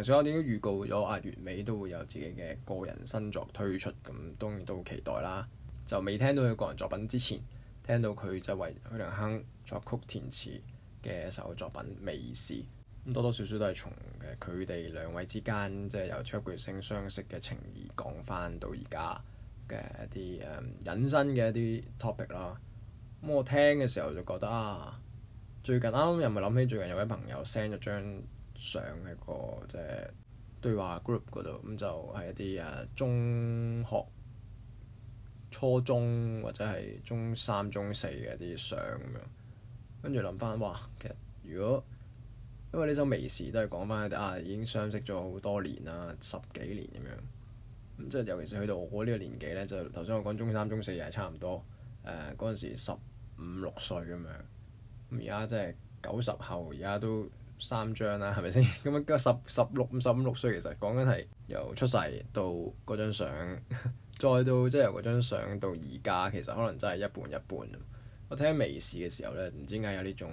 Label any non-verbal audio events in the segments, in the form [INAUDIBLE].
所以我點都預告咗，阿、啊、月尾都會有自己嘅個人新作推出，咁當然都期待啦。就未聽到佢個人作品之前，聽到佢就為許廷鏗作曲填詞嘅一首作品《微時》，咁多多少少都係從佢哋兩位之間即係、就是、由超級巨聲相識嘅情義講翻到而家嘅一啲誒、嗯、引申嘅一啲 topic 咯。咁我聽嘅時候就覺得啊，最近啱啱又咪諗起最近有位朋友 send 咗張。上一個即係、就是、對話 group 嗰度，咁就係一啲誒、啊、中學、初中或者係中三、中四嘅一啲相咁樣。跟住諗翻，哇！其實如果因為呢首微時都係講翻啊已經相識咗好多年啦，十幾年咁樣。咁即係尤其是去到我呢個年紀咧，就頭先我講中三、中四又係差唔多誒，嗰陣時十五六歲咁樣。咁而家即係九十後，而家都～三張啦，係咪先？咁 [LAUGHS] 樣十十六五十五六歲，其實講緊係由出世到嗰張相， [LAUGHS] 再到即係、就是、由嗰張相到而家，其實可能真係一半一半。我睇下微時嘅時候呢，唔知點解有呢種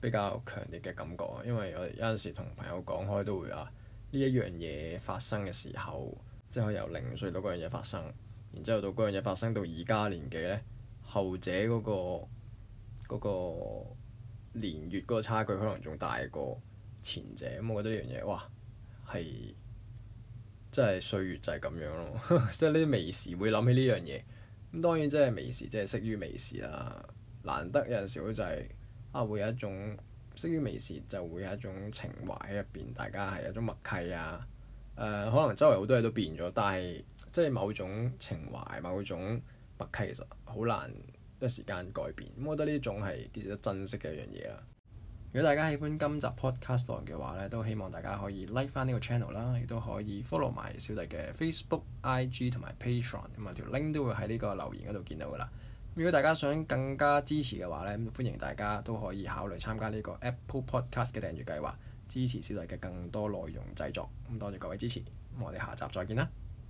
比較強烈嘅感覺，因為我有陣時同朋友講開都會啊，呢一樣嘢發生嘅時候，即係由零歲到嗰樣嘢發生，然之後到嗰樣嘢發生到而家年紀呢，後者嗰個嗰個。嗰個年月嗰個差距可能仲大過前者，咁我覺得呢樣嘢，哇，係真係歲月就係咁樣咯。 [LAUGHS] 即係呢啲微時會諗起呢樣嘢。咁當然即係微時，即係適於微時啦。難得有陣時會就係、是、啊，會有一種適於微時就會有一種情懷喺入邊，大家係一種默契啊。誒、呃，可能周圍好多嘢都變咗，但係即係某種情懷、某種默契其實好難。一時間改變，我覺得呢種係幾值得珍惜嘅一樣嘢啦。如果大家喜歡今集 podcast 嘅話咧，都希望大家可以 like 返呢個 channel 啦，亦都可以 follow 埋小弟嘅 Facebook、IG 同埋 Patreon，咁啊條 link 都會喺呢個留言嗰度見到㗎喇。如果大家想更加支持嘅話咧，歡迎大家都可以考慮參加呢個 Apple Podcast 嘅訂閱計劃，支持小弟嘅更多內容製作。咁多謝各位支持，我哋下集再見啦。